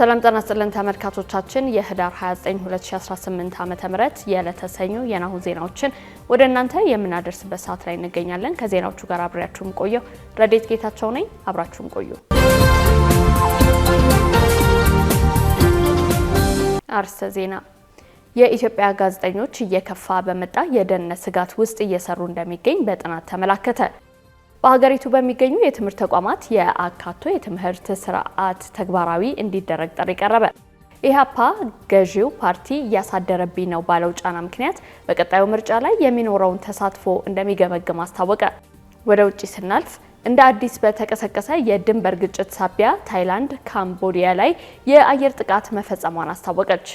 ሰላም ጤና ይስጥልን ተመልካቾቻችን፣ የህዳር 29 2018 ም የዕለተ ሰኞ የናሁ ዜናዎችን ወደ እናንተ የምናደርስበት ሰዓት ላይ እንገኛለን። ከዜናዎቹ ጋር አብሬያችሁም ቆየው ረዴት ጌታቸው ነኝ። አብራችሁም ቆዩ። አርዕስተ ዜና የኢትዮጵያ ጋዜጠኞች እየከፋ በመጣ የደህንነት ስጋት ውስጥ እየሰሩ እንደሚገኝ በጥናት ተመላከተ። በሀገሪቱ በሚገኙ የትምህርት ተቋማት የአካቶ የትምህርት ስርዓት ተግባራዊ እንዲደረግ ጥሪ ቀረበ። ኢህአፓ ገዢው ፓርቲ እያሳደረብኝ ነው ባለው ጫና ምክንያት በቀጣዩ ምርጫ ላይ የሚኖረውን ተሳትፎ እንደሚገመግም አስታወቀ። ወደ ውጭ ስናልፍ እንደ አዲስ በተቀሰቀሰ የድንበር ግጭት ሳቢያ ታይላንድ ካምቦዲያ ላይ የአየር ጥቃት መፈጸሟን አስታወቀች።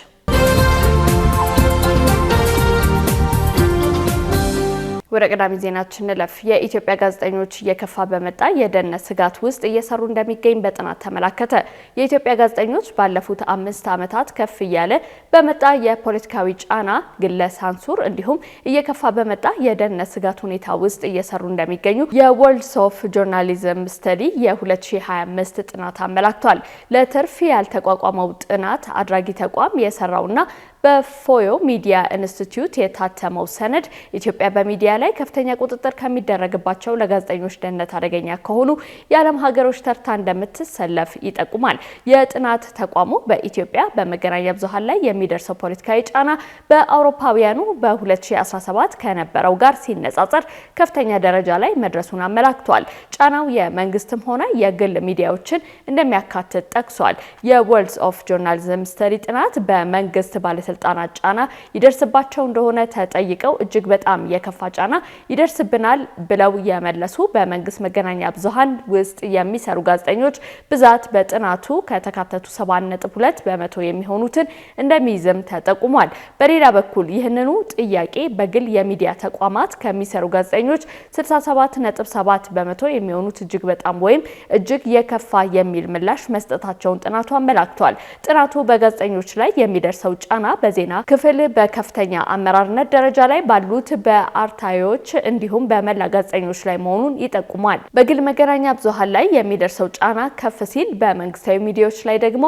ወደ ቀዳሚ ዜናችን እንለፍ። የኢትዮጵያ ጋዜጠኞች እየከፋ በመጣ የደህንነት ስጋት ውስጥ እየሰሩ እንደሚገኝ በጥናት ተመላከተ። የኢትዮጵያ ጋዜጠኞች ባለፉት አምስት ዓመታት ከፍ እያለ በመጣ የፖለቲካዊ ጫና፣ ግለ ሳንሱር እንዲሁም እየከፋ በመጣ የደህንነት ስጋት ሁኔታ ውስጥ እየሰሩ እንደሚገኙ የወርልድስ ኦፍ ጆርናሊዝም ስተዲ የ2025 ጥናት አመላክቷል። ለትርፍ ያልተቋቋመው ጥናት አድራጊ ተቋም የሰራውና በፎዮ ሚዲያ ኢንስቲትዩት የታተመው ሰነድ ኢትዮጵያ በሚዲያ ላይ ከፍተኛ ቁጥጥር ከሚደረግባቸው ለጋዜጠኞች ደህንነት አደገኛ ከሆኑ የዓለም ሀገሮች ተርታ እንደምትሰለፍ ይጠቁማል። የጥናት ተቋሙ በኢትዮጵያ በመገናኛ ብዙሃን ላይ የሚደርሰው ፖለቲካዊ ጫና በአውሮፓውያኑ በ2017 ከነበረው ጋር ሲነጻጸር ከፍተኛ ደረጃ ላይ መድረሱን አመላክቷል። ጫናው የመንግስትም ሆነ የግል ሚዲያዎችን እንደሚያካትት ጠቅሷል። የወርልድ ኦፍ ጆርናሊዝም ስተዲ ጥናት በመንግስት ባለስልጣ ባለስልጣናት ጫና ይደርስባቸው እንደሆነ ተጠይቀው እጅግ በጣም የከፋ ጫና ይደርስብናል ብለው የመለሱ በመንግስት መገናኛ ብዙሀን ውስጥ የሚሰሩ ጋዜጠኞች ብዛት በጥናቱ ከተካተቱ 7.2 በመቶ የሚሆኑትን እንደሚይዝም ተጠቁሟል። በሌላ በኩል ይህንኑ ጥያቄ በግል የሚዲያ ተቋማት ከሚሰሩ ጋዜጠኞች 67.7 በመቶ የሚሆኑት እጅግ በጣም ወይም እጅግ የከፋ የሚል ምላሽ መስጠታቸውን ጥናቱ አመላክቷል። ጥናቱ በጋዜጠኞች ላይ የሚደርሰው ጫና በዜና ክፍል በከፍተኛ አመራርነት ደረጃ ላይ ባሉት በአርታዮች እንዲሁም በመላ ጋዜጠኞች ላይ መሆኑን ይጠቁማል። በግል መገናኛ ብዙኃን ላይ የሚደርሰው ጫና ከፍ ሲል፣ በመንግስታዊ ሚዲያዎች ላይ ደግሞ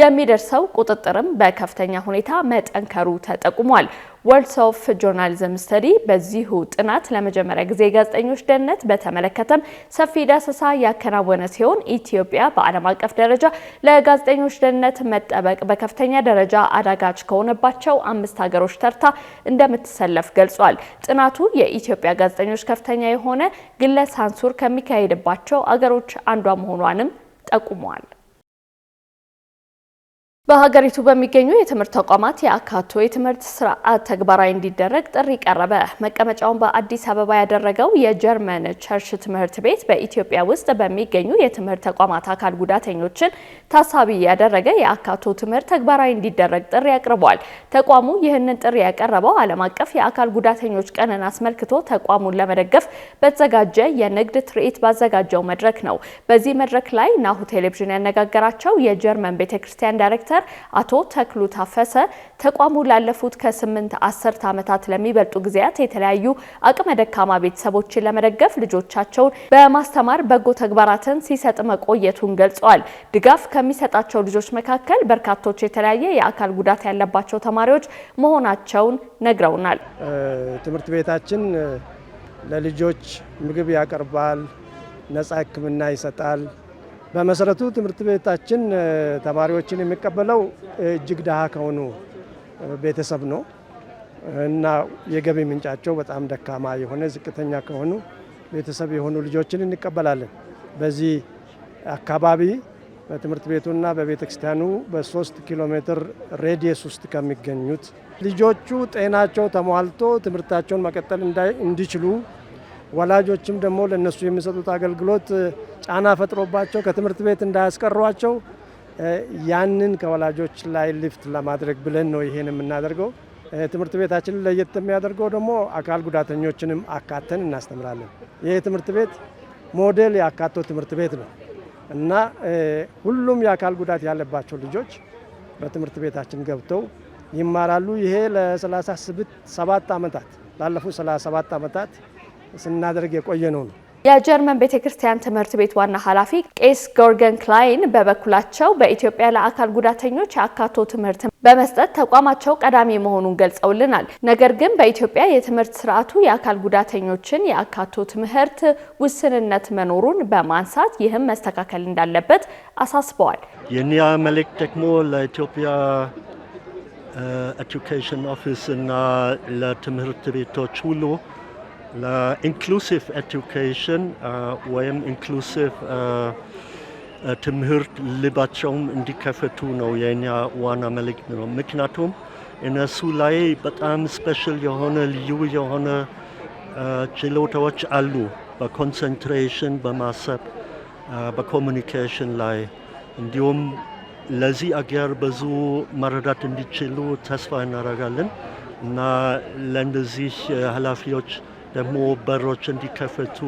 የሚደርሰው ቁጥጥርም በከፍተኛ ሁኔታ መጠንከሩ ተጠቁሟል። ወርልድ ኦፍ ጆርናሊዝም ስተዲ በዚሁ ጥናት ለመጀመሪያ ጊዜ የጋዜጠኞች ደህንነት በተመለከተም ሰፊ ዳሰሳ ያከናወነ ሲሆን ኢትዮጵያ በዓለም አቀፍ ደረጃ ለጋዜጠኞች ደህንነት መጠበቅ በከፍተኛ ደረጃ አዳጋች ከሆነባቸው አምስት ሀገሮች ተርታ እንደምትሰለፍ ገልጿል። ጥናቱ የኢትዮጵያ ጋዜጠኞች ከፍተኛ የሆነ ግለ ሳንሱር ከሚካሄድባቸው አገሮች አንዷ መሆኗንም ጠቁመዋል። በሀገሪቱ በሚገኙ የትምህርት ተቋማት የአካቶ የትምህርት ስርዓት ተግባራዊ እንዲደረግ ጥሪ ቀረበ። መቀመጫውን በአዲስ አበባ ያደረገው የጀርመን ቸርች ትምህርት ቤት በኢትዮጵያ ውስጥ በሚገኙ የትምህርት ተቋማት አካል ጉዳተኞችን ታሳቢ ያደረገ የአካቶ ትምህርት ተግባራዊ እንዲደረግ ጥሪ አቅርቧል። ተቋሙ ይህንን ጥሪ ያቀረበው ዓለም አቀፍ የአካል ጉዳተኞች ቀንን አስመልክቶ ተቋሙን ለመደገፍ በተዘጋጀ የንግድ ትርኢት ባዘጋጀው መድረክ ነው። በዚህ መድረክ ላይ ናሁ ቴሌቪዥን ያነጋገራቸው የጀርመን ቤተክርስቲያን ዳይሬክተር ዳይሬክተር አቶ ተክሉ ታፈሰ ተቋሙ ላለፉት ከስምንት አስርት ዓመታት ለሚበልጡ ጊዜያት የተለያዩ አቅመ ደካማ ቤተሰቦችን ለመደገፍ ልጆቻቸውን በማስተማር በጎ ተግባራትን ሲሰጥ መቆየቱን ገልጸዋል። ድጋፍ ከሚሰጣቸው ልጆች መካከል በርካቶች የተለያየ የአካል ጉዳት ያለባቸው ተማሪዎች መሆናቸውን ነግረውናል። ትምህርት ቤታችን ለልጆች ምግብ ያቀርባል፣ ነጻ ሕክምና ይሰጣል፣ በመሰረቱ ትምህርት ቤታችን ተማሪዎችን የሚቀበለው እጅግ ድሃ ከሆኑ ቤተሰብ ነው እና የገቢ ምንጫቸው በጣም ደካማ የሆነ ዝቅተኛ ከሆኑ ቤተሰብ የሆኑ ልጆችን እንቀበላለን። በዚህ አካባቢ በትምህርት ቤቱና በቤተ ክርስቲያኑ በሶስት ኪሎ ሜትር ሬዲየስ ውስጥ ከሚገኙት ልጆቹ ጤናቸው ተሟልቶ ትምህርታቸውን መቀጠል እንዲችሉ ወላጆችም ደግሞ ለእነሱ የሚሰጡት አገልግሎት ጫና ፈጥሮባቸው ከትምህርት ቤት እንዳያስቀሯቸው ያንን ከወላጆች ላይ ሊፍት ለማድረግ ብለን ነው ይሄን የምናደርገው። ትምህርት ቤታችን ለየት የሚያደርገው ደግሞ አካል ጉዳተኞችንም አካተን እናስተምራለን። ይሄ ትምህርት ቤት ሞዴል ያካቶ ትምህርት ቤት ነው እና ሁሉም የአካል ጉዳት ያለባቸው ልጆች በትምህርት ቤታችን ገብተው ይማራሉ። ይሄ ለ37 ዓመታት ላለፉት 37 ዓመታት ስናደርግ የቆየ ነው ነው። የጀርመን ቤተ ክርስቲያን ትምህርት ቤት ዋና ኃላፊ ቄስ ጎርገን ክላይን በበኩላቸው በኢትዮጵያ ለአካል ጉዳተኞች የአካቶ ትምህርት በመስጠት ተቋማቸው ቀዳሚ መሆኑን ገልጸውልናል። ነገር ግን በኢትዮጵያ የትምህርት ስርዓቱ የአካል ጉዳተኞችን የአካቶ ትምህርት ውስንነት መኖሩን በማንሳት ይህም መስተካከል እንዳለበት አሳስበዋል። የኒያ መልክ ደግሞ ለኢትዮጵያ ኤዱኬሽን ኦፊስ እና ለትምህርት ቤቶች ሁሉ ለኢንክሉሲቭ ኤዱኬሽን ወይም ኢንክሉሲቭ ትምህርት ልባቸውም እንዲከፍቱ ነው የኛ ዋና መልእክት ነው። ምክንያቱም እነሱ ላይ በጣም ስፔሻል የሆነ ልዩ የሆነ ችሎታዎች አሉ። በኮንሰንትሬሽን፣ በማሰብ፣ በኮሚኒኬሽን ላይ እንዲሁም ለዚህ አገር ብዙ መረዳት እንዲችሉ ተስፋ እናደርጋለን እና ለእንደዚህ ኃላፊዎች ደግሞ በሮች እንዲከፈቱ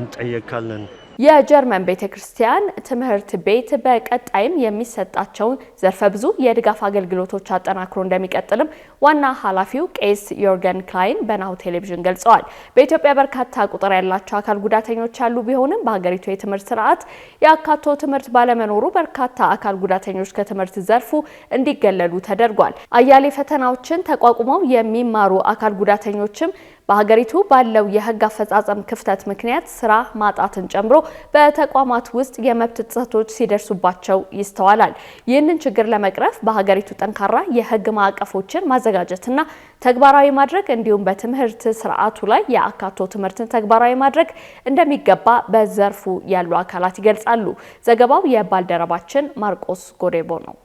እንጠየቃለን። የጀርመን ቤተ ክርስቲያን ትምህርት ቤት በቀጣይም የሚሰጣቸውን ዘርፈ ብዙ የድጋፍ አገልግሎቶች አጠናክሮ እንደሚቀጥልም ዋና ኃላፊው ቄስ ዮርገን ክላይን በናሁ ቴሌቪዥን ገልጸዋል። በኢትዮጵያ በርካታ ቁጥር ያላቸው አካል ጉዳተኞች ያሉ ቢሆንም በሀገሪቱ የትምህርት ስርዓት የአካቶ ትምህርት ባለመኖሩ በርካታ አካል ጉዳተኞች ከትምህርት ዘርፉ እንዲገለሉ ተደርጓል። አያሌ ፈተናዎችን ተቋቁመው የሚማሩ አካል ጉዳተኞችም በሀገሪቱ ባለው የህግ አፈጻጸም ክፍተት ምክንያት ስራ ማጣትን ጨምሮ በተቋማት ውስጥ የመብት ጥሰቶች ሲደርሱባቸው ይስተዋላል። ይህንን ችግር ለመቅረፍ በሀገሪቱ ጠንካራ የህግ ማዕቀፎችን ማዘጋ እና ተግባራዊ ማድረግ እንዲሁም በትምህርት ስርዓቱ ላይ የአካቶ ትምህርትን ተግባራዊ ማድረግ እንደሚገባ በዘርፉ ያሉ አካላት ይገልጻሉ። ዘገባው የባልደረባችን ማርቆስ ጎዴቦ ነው።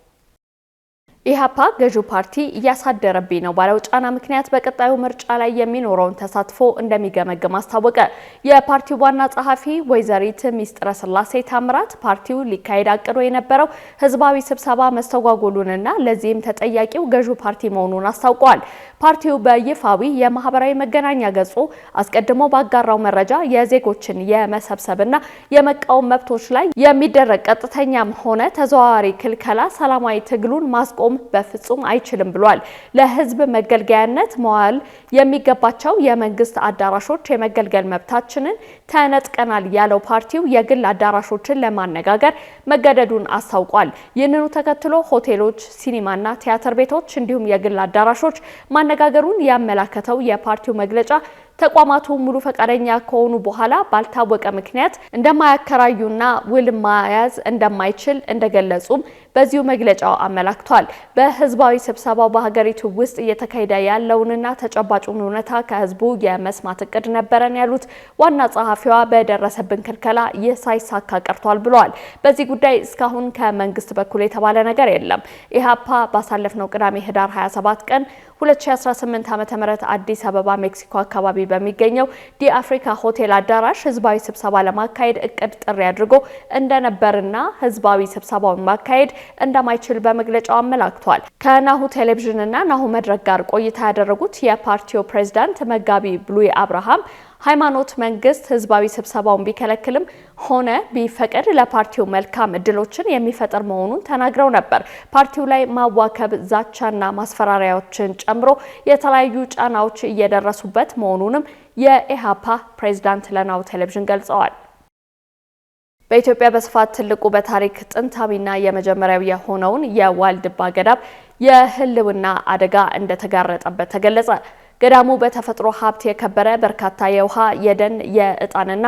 ኢህአፓ ገዢው ፓርቲ እያሳደረብኝ ነው ባለው ጫና ምክንያት በቀጣዩ ምርጫ ላይ የሚኖረውን ተሳትፎ እንደሚገመግም አስታወቀ። የፓርቲው ዋና ጸሐፊ ወይዘሪት ሚስጥረ ስላሴ ታምራት ፓርቲው ሊካሄድ አቅዶ የነበረው ህዝባዊ ስብሰባ መስተጓጎሉንና ለዚህም ተጠያቂው ገዢው ፓርቲ መሆኑን አስታውቀዋል። ፓርቲው በይፋዊ የማህበራዊ መገናኛ ገጹ አስቀድሞ ባጋራው መረጃ የዜጎችን የመሰብሰብና የመቃወም መብቶች ላይ የሚደረግ ቀጥተኛም ሆነ ተዘዋዋሪ ክልከላ ሰላማዊ ትግሉን ማስቆም በፍጹም አይችልም ብሏል። ለህዝብ መገልገያነት መዋል የሚገባቸው የመንግስት አዳራሾች የመገልገል መብታችንን ተነጥቀናል ያለው ፓርቲው የግል አዳራሾችን ለማነጋገር መገደዱን አስታውቋል። ይህንኑ ተከትሎ ሆቴሎች፣ ሲኒማና ቲያትር ቤቶች እንዲሁም የግል አዳራሾች መነጋገሩን ያመላከተው የፓርቲው መግለጫ ተቋማቱ ሙሉ ፈቃደኛ ከሆኑ በኋላ ባልታወቀ ምክንያት እንደማያከራዩና ውል ማያዝ እንደማይችል እንደገለጹም በዚሁ መግለጫው አመላክቷል። በህዝባዊ ስብሰባው በሀገሪቱ ውስጥ እየተካሄደ ያለውንና ተጨባጩን እውነታ ከህዝቡ የመስማት እቅድ ነበረን ያሉት ዋና ጸሐፊዋ በደረሰብን ክልከላ ይህ ሳይሳካ ቀርቷል ብለዋል። በዚህ ጉዳይ እስካሁን ከመንግስት በኩል የተባለ ነገር የለም። ኢህአፓ ባሳለፍነው ቅዳሜ ህዳር 27 ቀን 2018 ዓ.ም አዲስ አበባ ሜክሲኮ አካባቢ በሚገኘው ዲ አፍሪካ ሆቴል አዳራሽ ህዝባዊ ስብሰባ ለማካሄድ እቅድ ጥሪ አድርጎ እንደነበርና ህዝባዊ ስብሰባውን ማካሄድ እንደማይችል በመግለጫው አመላክቷል። ከናሁ ቴሌቪዥንና ናሁ መድረክ ጋር ቆይታ ያደረጉት የፓርቲው ፕሬዝዳንት መጋቢ ብሉይ አብርሃም ሃይማኖት መንግስት ህዝባዊ ስብሰባውን ቢከለክልም ሆነ ቢፈቅድ ለፓርቲው መልካም እድሎችን የሚፈጥር መሆኑን ተናግረው ነበር። ፓርቲው ላይ ማዋከብ፣ ዛቻና ማስፈራሪያዎችን ጨምሮ የተለያዩ ጫናዎች እየደረሱበት መሆኑንም የኢሃፓ ፕሬዝዳንት ለናሁ ቴሌቪዥን ገልጸዋል። በኢትዮጵያ በስፋት ትልቁ በታሪክ ጥንታዊና የመጀመሪያው የሆነውን የዋልድባ ገዳም የህልውና አደጋ እንደተጋረጠበት ተገለጸ። ገዳሙ በተፈጥሮ ሀብት የከበረ በርካታ የውሃ፣ የደን፣ የእጣንና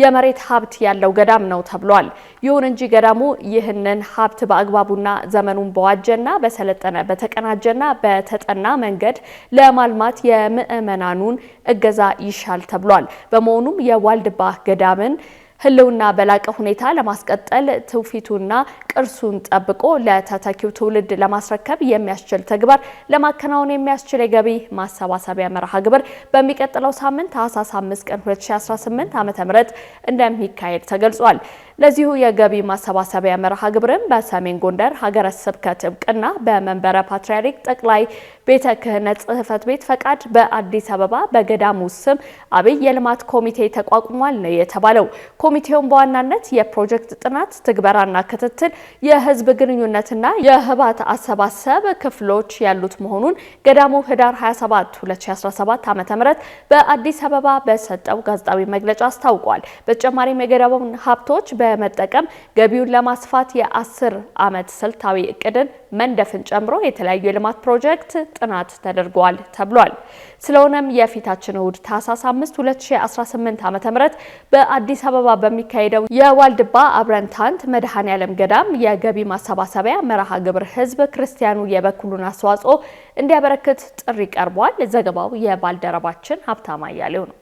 የመሬት ሀብት ያለው ገዳም ነው ተብሏል። ይሁን እንጂ ገዳሙ ይህንን ሀብት በአግባቡና ዘመኑን በዋጀና በሰለጠነ በተቀናጀና በተጠና መንገድ ለማልማት የምዕመናኑን እገዛ ይሻል ተብሏል። በመሆኑም የዋልድባ ገዳምን ህልውና በላቀ ሁኔታ ለማስቀጠል ትውፊቱና ቅርሱን ጠብቆ ለተተኪው ትውልድ ለማስረከብ የሚያስችል ተግባር ለማከናወን የሚያስችል የገቢ ማሰባሰቢያ መርሃ ግብር በሚቀጥለው ሳምንት ታህሳስ 5 ቀን 2018 ዓ.ም እንደሚካሄድ ተገልጿል። ለዚሁ የገቢ ማሰባሰቢያ መርሃ ግብርም በሰሜን ጎንደር ሀገረ ስብከት እብቅና በመንበረ ፓትርያርክ ጠቅላይ ቤተ ክህነት ጽህፈት ቤት ፈቃድ በአዲስ አበባ በገዳሙ ስም አብይ የልማት ኮሚቴ ተቋቁሟል ነው የተባለው። ኮሚቴውን በዋናነት የፕሮጀክት ጥናት ትግበራና ክትትል፣ የህዝብ ግንኙነትና የህባት አሰባሰብ ክፍሎች ያሉት መሆኑን ገዳሙ ህዳር 27 2017 ዓ ም በአዲስ አበባ በሰጠው ጋዜጣዊ መግለጫ አስታውቋል። በተጨማሪም የገዳሙን ሀብቶች በመጠቀም ገቢውን ለማስፋት የአስር ዓመት ስልታዊ እቅድን መንደፍን ጨምሮ የተለያዩ የልማት ፕሮጀክት ጥናት ተደርጓል ተብሏል። ስለሆነም የፊታችን እሁድ ታህሳስ 5 2018 ዓ.ም በአዲስ አበባ በሚካሄደው የዋልድባ አብረንታንት መድኃኔ ዓለም ገዳም የገቢ ማሰባሰቢያ መርሃ ግብር ህዝብ ክርስቲያኑ የበኩሉን አስተዋጽኦ እንዲያበረክት ጥሪ ቀርቧል። ዘገባው የባልደረባችን ሀብታማ እያሌው ነው።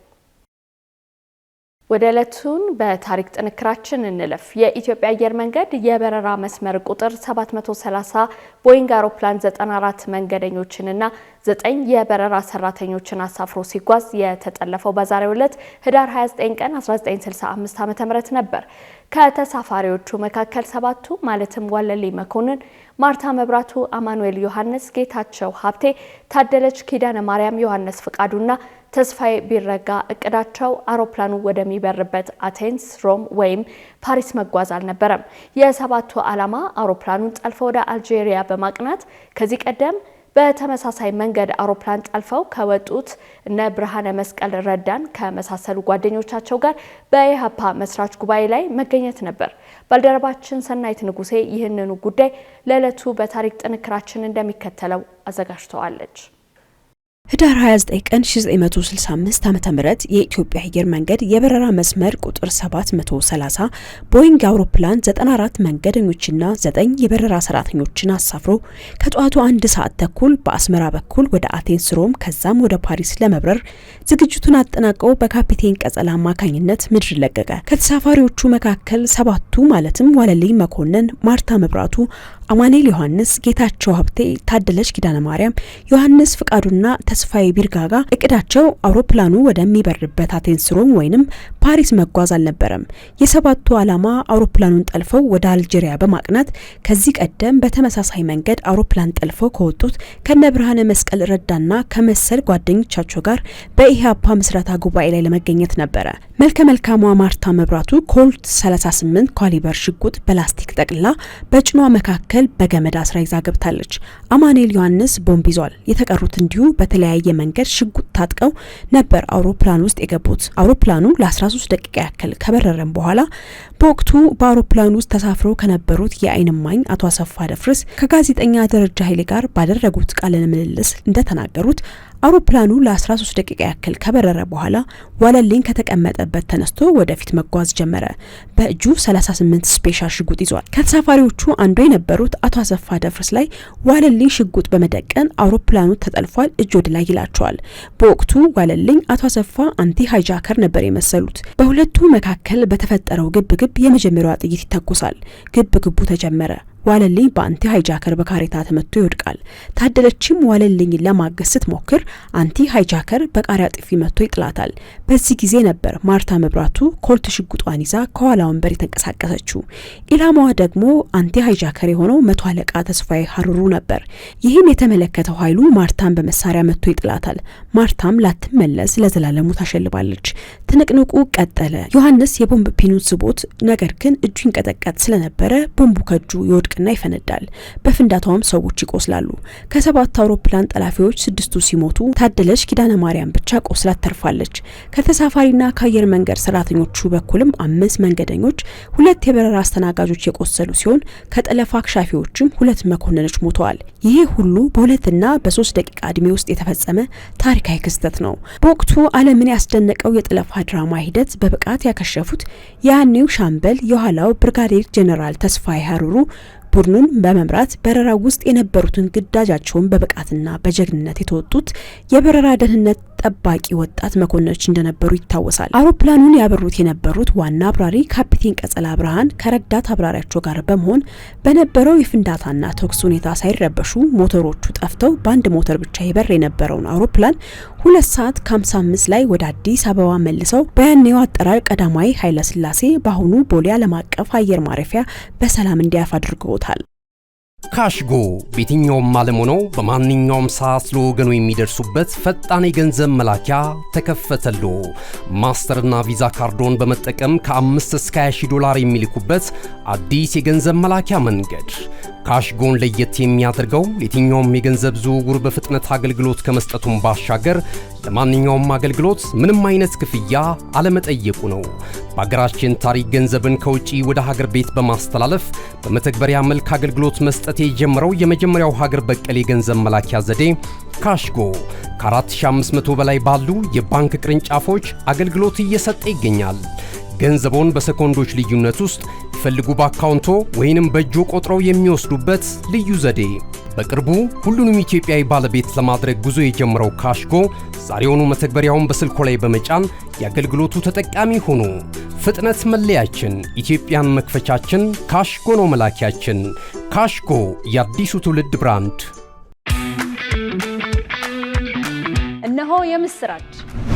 ወደ ዕለቱን በታሪክ ጥንክራችን እንለፍ። የኢትዮጵያ አየር መንገድ የበረራ መስመር ቁጥር 730 ቦይንግ አውሮፕላን 94 መንገደኞችንና 9 የበረራ ሰራተኞችን አሳፍሮ ሲጓዝ የተጠለፈው በዛሬው ዕለት ህዳር 29 ቀን 1965 ዓ.ም ነበር። ከተሳፋሪዎቹ መካከል ሰባቱ ማለትም ዋለልይ መኮንን ማርታ መብራቱ፣ አማኑኤል ዮሐንስ፣ ጌታቸው ሀብቴ፣ ታደለች ኪዳነ ማርያም፣ ዮሐንስ ፍቃዱና ተስፋዬ ቢረጋ እቅዳቸው አውሮፕላኑ ወደሚበርበት አቴንስ፣ ሮም ወይም ፓሪስ መጓዝ አልነበረም። የሰባቱ ዓላማ አውሮፕላኑን ጠልፎ ወደ አልጄሪያ በማቅናት ከዚህ ቀደም በተመሳሳይ መንገድ አውሮፕላን ጠልፈው ከወጡት እነ ብርሃነ መስቀል ረዳን ከመሳሰሉ ጓደኞቻቸው ጋር በኢህአፓ መስራች ጉባኤ ላይ መገኘት ነበር። ባልደረባችን ሰናይት ንጉሴ ይህንኑ ጉዳይ ለዕለቱ በታሪክ ጥንክራችን እንደሚከተለው አዘጋጅተዋለች። ህዳር 29 ቀን 1965 ዓ ም የኢትዮጵያ አየር መንገድ የበረራ መስመር ቁጥር 730 ቦይንግ አውሮፕላን 94 መንገደኞችና 9 የበረራ ሰራተኞችን አሳፍሮ ከጠዋቱ አንድ ሰዓት ተኩል በአስመራ በኩል ወደ አቴንስ ሮም ከዛም ወደ ፓሪስ ለመብረር ዝግጅቱን አጠናቀው በካፒቴን ቀጸላ አማካኝነት ምድር ለቀቀ። ከተሳፋሪዎቹ መካከል ሰባቱ ማለትም ዋለልኝ መኮንን፣ ማርታ መብራቱ፣ አማኔል ዮሐንስ፣ ጌታቸው ሀብቴ፣ ታደለች ኪዳነ ማርያም፣ ዮሐንስ ፍቃዱና ተስፋዬ ቢርጋጋ እቅዳቸው አውሮፕላኑ ወደሚበርበት አቴንስ ሮም ወይንም ፓሪስ መጓዝ አልነበረም። የሰባቱ ዓላማ አውሮፕላኑን ጠልፈው ወደ አልጄሪያ በማቅናት ከዚህ ቀደም በተመሳሳይ መንገድ አውሮፕላን ጠልፈው ከወጡት ከነ ብርሃነ መስቀል ረዳና ከመሰል ጓደኞቻቸው ጋር በኢህአፓ ምስረታ ጉባኤ ላይ ለመገኘት ነበረ። መልከ መልካሟ ማርታ መብራቱ ኮልት 38 ኳሊበር ሽጉጥ በላስቲክ ጠቅልላ በጭኗ መካከል መካከል በገመድ አስራ ይዛ ገብታለች። አማኑኤል ዮሐንስ ቦምብ ይዟል። የተቀሩት እንዲሁ በተለያየ መንገድ ሽጉጥ ታጥቀው ነበር አውሮፕላን ውስጥ የገቡት። አውሮፕላኑ ለ13 ደቂቃ ያክል ከበረረም በኋላ በወቅቱ በአውሮፕላን ውስጥ ተሳፍረው ከነበሩት የአይንማኝ እማኝ አቶ አሰፋ ደፍርስ ከጋዜጠኛ ደረጃ ኃይሌ ጋር ባደረጉት ቃለ ምልልስ እንደተናገሩት አውሮፕላኑ ለ13 ደቂቃ ያክል ከበረረ በኋላ ዋለልኝ ከተቀመጠበት ተነስቶ ወደፊት መጓዝ ጀመረ። በእጁ 38 ስፔሻል ሽጉጥ ይዟል። ከተሳፋሪዎቹ አንዱ የነበሩት አቶ አሰፋ ደፍርስ ላይ ዋለልኝ ሽጉጥ በመደቀን አውሮፕላኑ ተጠልፏል፣ እጅ ወደ ላይ ይላቸዋል። በወቅቱ ዋለልኝ አቶ አሰፋ አንቲ ሃይጃከር ነበር የመሰሉት። በሁለቱ መካከል በተፈጠረው ግብግብ ግብ የመጀመሪያዋ ጥይት ይተኮሳል። ግብ ግቡ ተጀመረ። ዋለልኝ በአንቲ ሃይጃከር በካሬታ ተመቶ ይወድቃል። ታደለችም ዋለልኝን ለማገዝ ስትሞክር አንቲ ሃይጃከር በቃሪያ ጥፊ መቶ ይጥላታል። በዚህ ጊዜ ነበር ማርታ መብራቱ ኮልት ሽጉጧን ይዛ ከኋላ ወንበር የተንቀሳቀሰችው። ኢላማዋ ደግሞ አንቲ ሃይጃከር የሆነው መቶ አለቃ ተስፋዬ ሀሩሩ ነበር። ይህን የተመለከተው ኃይሉ ማርታን በመሳሪያ መቶ ይጥላታል። ማርታም ላትመለስ ለዘላለሙ ታሸልባለች። ትንቅንቁ ቀጠለ። ዮሐንስ የቦምብ ፒኑን ስቦት፣ ነገር ግን እጁ ይንቀጠቀጥ ስለነበረ ቦምቡ ከእጁ ይወድ ይወድቅና ይፈነዳል። በፍንዳታውም ሰዎች ይቆስላሉ። ከሰባት አውሮፕላን ጠላፊዎች ስድስቱ ሲሞቱ ታደለች ኪዳነ ማርያም ብቻ ቆስላ ተርፋለች። ከተሳፋሪና ከአየር መንገድ ሰራተኞቹ በኩልም አምስት መንገደኞች፣ ሁለት የበረራ አስተናጋጆች የቆሰሉ ሲሆን ከጠለፋ አክሻፊዎችም ሁለት መኮንኖች ሞተዋል። ይሄ ሁሉ በሁለትና በሶስት ደቂቃ እድሜ ውስጥ የተፈጸመ ታሪካዊ ክስተት ነው። በወቅቱ ዓለምን ያስደነቀው የጠለፋ ድራማ ሂደት በብቃት ያከሸፉት የያኔው ሻምበል የኋላው ብርጋዴር ጄኔራል ተስፋዬ ሀሩሩ ቡድኑን በመምራት በረራ ውስጥ የነበሩትን ግዳጃቸውን በብቃትና በጀግንነት የተወጡት የበረራ ደህንነት ጠባቂ ወጣት መኮንኖች እንደነበሩ ይታወሳል። አውሮፕላኑን ያበሩት የነበሩት ዋና አብራሪ ካፒቴን ቀጸላ ብርሃን ከረዳት አብራሪያቸው ጋር በመሆን በነበረው የፍንዳታና ተኩስ ሁኔታ ሳይረበሹ ሞተሮቹ ጠፍተው በአንድ ሞተር ብቻ ይበር የነበረውን አውሮፕላን ሁለት ሰዓት ከ55 ላይ ወደ አዲስ አበባ መልሰው በያኔው አጠራር ቀዳማዊ ኃይለስላሴ በአሁኑ ቦሌ ዓለም አቀፍ አየር ማረፊያ በሰላም እንዲያርፍ አድርገውታል። ካሽጎ በየትኛውም ዓለም ሆነው በማንኛውም ሰዓት ለወገኑ የሚደርሱበት ፈጣን የገንዘብ መላኪያ ተከፈተሉ። ማስተርና ቪዛ ካርዶን በመጠቀም ከ5 እስከ 20 ዶላር የሚልኩበት አዲስ የገንዘብ መላኪያ መንገድ። ካሽጎን ለየት የሚያደርገው የትኛውም የገንዘብ ዝውውር በፍጥነት አገልግሎት ከመስጠቱን ባሻገር ለማንኛውም አገልግሎት ምንም አይነት ክፍያ አለመጠየቁ ነው። በአገራችን ታሪክ ገንዘብን ከውጪ ወደ ሀገር ቤት በማስተላለፍ በመተግበሪያ መልክ አገልግሎት መስጠት የጀመረው የመጀመሪያው ሀገር በቀል የገንዘብ መላኪያ ዘዴ ካሽጎ ከ4500 በላይ ባሉ የባንክ ቅርንጫፎች አገልግሎት እየሰጠ ይገኛል። ገንዘቦን በሰኮንዶች ልዩነት ውስጥ ይፈልጉ በአካውንቶ ወይንም በእጆ ቆጥረው የሚወስዱበት ልዩ ዘዴ በቅርቡ ሁሉንም ኢትዮጵያዊ ባለቤት ለማድረግ ጉዞ የጀመረው ካሽጎ ዛሬውኑ መተግበሪያውን በስልኮ ላይ በመጫን የአገልግሎቱ ተጠቃሚ ሆኑ። ፍጥነት መለያችን፣ ኢትዮጵያን መክፈቻችን፣ ካሽጎ ነው መላኪያችን። ካሽጎ የአዲሱ ትውልድ ብራንድ። እነሆ የምስራች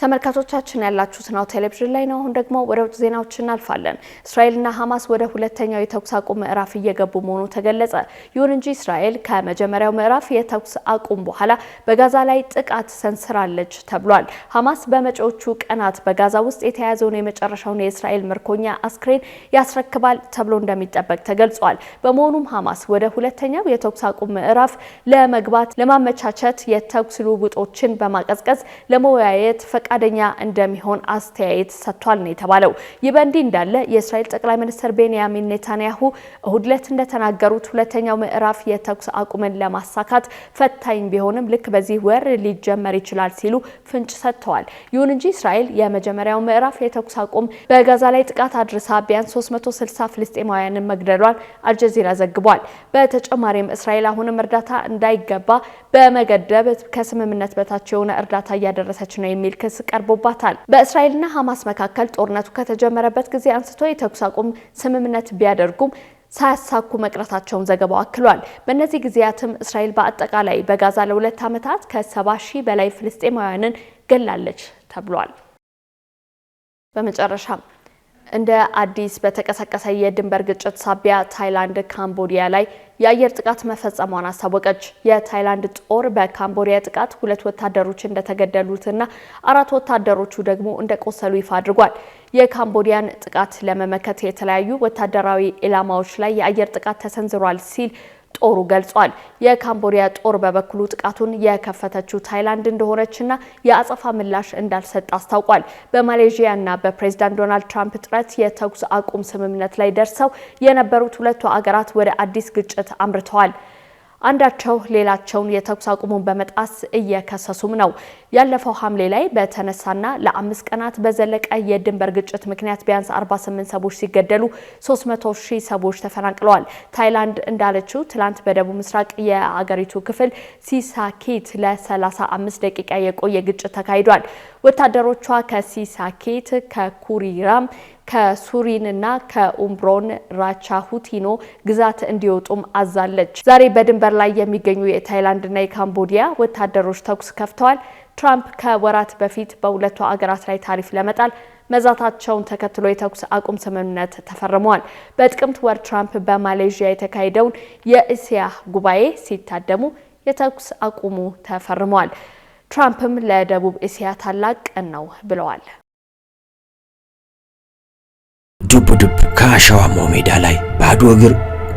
ተመልካቾቻችን ያላችሁት ናሁ ቴሌቪዥን ላይ ነው። አሁን ደግሞ ወደ ውጭ ዜናዎች እናልፋለን። እስራኤልና ሐማስ ወደ ሁለተኛው የተኩስ አቁም ምዕራፍ እየገቡ መሆኑ ተገለጸ። ይሁን እንጂ እስራኤል ከመጀመሪያው ምዕራፍ የተኩስ አቁም በኋላ በጋዛ ላይ ጥቃት ሰንስራለች ተብሏል። ሐማስ በመጪዎቹ ቀናት በጋዛ ውስጥ የተያዘውን የመጨረሻውን የእስራኤል ምርኮኛ አስክሬን ያስረክባል ተብሎ እንደሚጠበቅ ተገልጿል። በመሆኑም ሐማስ ወደ ሁለተኛው የተኩስ አቁም ምዕራፍ ለመግባት ለማመቻቸት የተኩስ ልውውጦችን በማቀዝቀዝ ለመወያየት ፈቃ ፈቃደኛ እንደሚሆን አስተያየት ሰጥቷል ነው የተባለው። ይህ በእንዲህ እንዳለ የእስራኤል ጠቅላይ ሚኒስትር ቤንያሚን ኔታንያሁ እሁድ ዕለት እንደተናገሩት ሁለተኛው ምዕራፍ የተኩስ አቁምን ለማሳካት ፈታኝ ቢሆንም ልክ በዚህ ወር ሊጀመር ይችላል ሲሉ ፍንጭ ሰጥተዋል። ይሁን እንጂ እስራኤል የመጀመሪያው ምዕራፍ የተኩስ አቁም በጋዛ ላይ ጥቃት አድርሳ ቢያንስ 360 ፍልስጤማውያንን መግደሏን አልጀዚራ ዘግቧል። በተጨማሪም እስራኤል አሁንም እርዳታ እንዳይገባ በመገደብ ከስምምነት በታች የሆነ እርዳታ እያደረሰች ነው የሚል ክስ ቀርቦባታል። በእስራኤልና ሐማስ መካከል ጦርነቱ ከተጀመረበት ጊዜ አንስቶ የተኩስ አቁም ስምምነት ቢያደርጉም ሳያሳኩ መቅረታቸውን ዘገባው አክሏል። በእነዚህ ጊዜያትም እስራኤል በአጠቃላይ በጋዛ ለሁለት ዓመታት ከሰባ ሺህ በላይ ፍልስጤማውያንን ገላለች ተብሏል። በመጨረሻም እንደ አዲስ በተቀሰቀሰ የድንበር ግጭት ሳቢያ ታይላንድ ካምቦዲያ ላይ የአየር ጥቃት መፈጸሟን አስታወቀች። የታይላንድ ጦር በካምቦዲያ ጥቃት ሁለት ወታደሮች እንደተገደሉትና አራት ወታደሮቹ ደግሞ እንደቆሰሉ ይፋ አድርጓል። የካምቦዲያን ጥቃት ለመመከት የተለያዩ ወታደራዊ ኢላማዎች ላይ የአየር ጥቃት ተሰንዝሯል ሲል ጦሩ ገልጿል። የካምቦዲያ ጦር በበኩሉ ጥቃቱን የከፈተችው ታይላንድ እንደሆነችና የአጸፋ ምላሽ እንዳልሰጥ አስታውቋል። በማሌዥያና በፕሬዝዳንት ዶናልድ ትራምፕ ጥረት የተኩስ አቁም ስምምነት ላይ ደርሰው የነበሩት ሁለቱ አገራት ወደ አዲስ ግጭት አምርተዋል። አንዳቸው ሌላቸውን የተኩስ አቁሙን በመጣስ እየከሰሱም ነው። ያለፈው ሐምሌ ላይ በተነሳና ለአምስት ቀናት በዘለቀ የድንበር ግጭት ምክንያት ቢያንስ 48 ሰዎች ሲገደሉ 300 ሺህ ሰዎች ተፈናቅለዋል። ታይላንድ እንዳለችው ትላንት በደቡብ ምስራቅ የአገሪቱ ክፍል ሲሳኬት ለ35 ደቂቃ የቆየ ግጭት ተካሂዷል። ወታደሮቿ ከሲሳኬት ከኩሪራም ከሱሪንና ከኡምብሮን ራቻ ሁቲኖ ግዛት እንዲወጡም አዛለች። ዛሬ በድንበር ላይ የሚገኙ የታይላንድና የካምቦዲያ ወታደሮች ተኩስ ከፍተዋል። ትራምፕ ከወራት በፊት በሁለቱ አገራት ላይ ታሪፍ ለመጣል መዛታቸውን ተከትሎ የተኩስ አቁም ስምምነት ተፈርመዋል። በጥቅምት ወር ትራምፕ በማሌዥያ የተካሄደውን የእስያ ጉባኤ ሲታደሙ የተኩስ አቁሙ ተፈርመዋል። ትራምፕም ለደቡብ እስያ ታላቅ ቀን ነው ብለዋል። ዱብ ዱብ ከአሸዋማው ሜዳ ላይ ባዶ እግር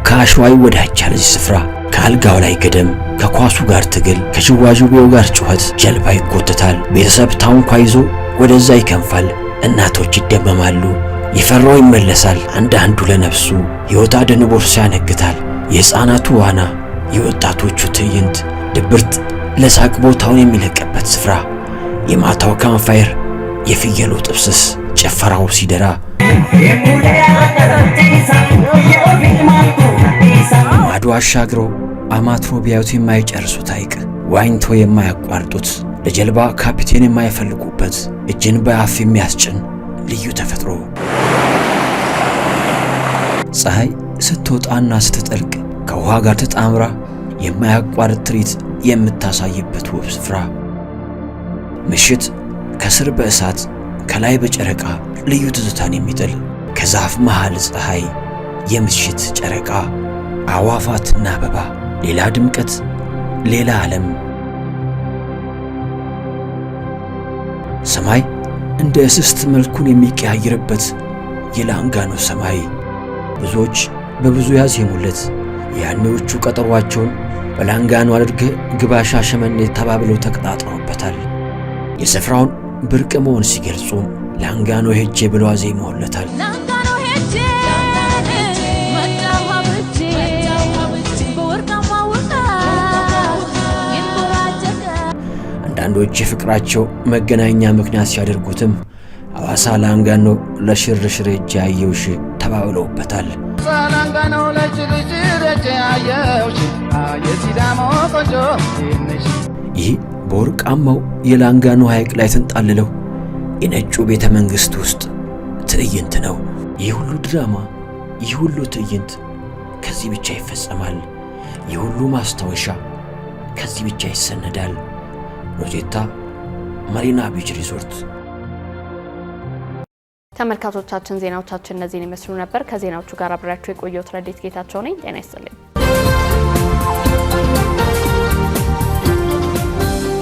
ከአሸዋ ይወዳጃል። እዚህ ስፍራ ከአልጋው ላይ ገደም፣ ከኳሱ ጋር ትግል፣ ከዥዋዥዌው ጋር ጩኸት ጀልባ ይጎተታል። ቤተሰብ ታንኳ ይዞ ወደዛ ይከንፋል። እናቶች ይደመማሉ። የፈራው ይመለሳል። አንዳንዱ ለነፍሱ ሕይወት አድን ቦርሳ ያነግታል። የሕፃናቱ ዋና፣ የወጣቶቹ ትዕይንት፣ ድብርት ለሳቅ ቦታውን የሚለቀበት ስፍራ፣ የማታው ካምፋየር፣ የፍየሉ ጥብስስ ጭፈራው ሲደራ ማዶ አሻግረው አማትሮ ቢያዩት የማይጨርሱት ሐይቅ ዋኝተው የማያቋርጡት ለጀልባ ካፒቴን የማይፈልጉበት እጅን በአፍ የሚያስጭን ልዩ ተፈጥሮ ፀሐይ ስትወጣና ስትጠልቅ ከውሃ ጋር ተጣምራ የማያቋርጥ ትርኢት የምታሳይበት ውብ ስፍራ ምሽት ከስር በእሳት ከላይ በጨረቃ ልዩ ትዝታን የሚጥል ከዛፍ መሃል ፀሐይ፣ የምሽት ጨረቃ፣ አዋፋትና አበባ፣ ሌላ ድምቀት፣ ሌላ ዓለም። ሰማይ እንደ እስስት መልኩን የሚቀያየርበት የላንጋኖ ሰማይ ብዙዎች በብዙ ያዜሙለት ያኔዎቹ ቀጠሯቸውን በላንጋኖ አድርገ ግባሻ ሸመኔ ተባብለው ተቀጣጥረውበታል። የስፍራውን ብርቅ መሆን ሲገልጹ ላንጋኖ ሄጄ ብሎ አዜመውለታል። አንዳንዶች የፍቅራቸው መገናኛ ምክንያት ሲያደርጉትም አዋሳ ላንጋኖ ለሽርሽር ሄጄ አየውሽ ተባብለውበታል። ይህ በወርቃማው የላንጋኖ ሐይቅ ላይ ተንጣልለው የነጩ ቤተ መንግሥት ውስጥ ትዕይንት ነው። ይህ ሁሉ ድራማ፣ ይህ ሁሉ ትዕይንት ከዚህ ብቻ ይፈጸማል። ይህ ሁሉ ማስታወሻ ከዚህ ብቻ ይሰነዳል። ሮዜታ ማሪና ቢች ሪዞርት። ተመልካቾቻችን ዜናዎቻችን እነዚህን ይመስሉ ነበር። ከዜናዎቹ ጋር አብሬያችሁ የቆየሁት ረዴት ጌታቸው ነኝ። ጤና ይስጥልኝ።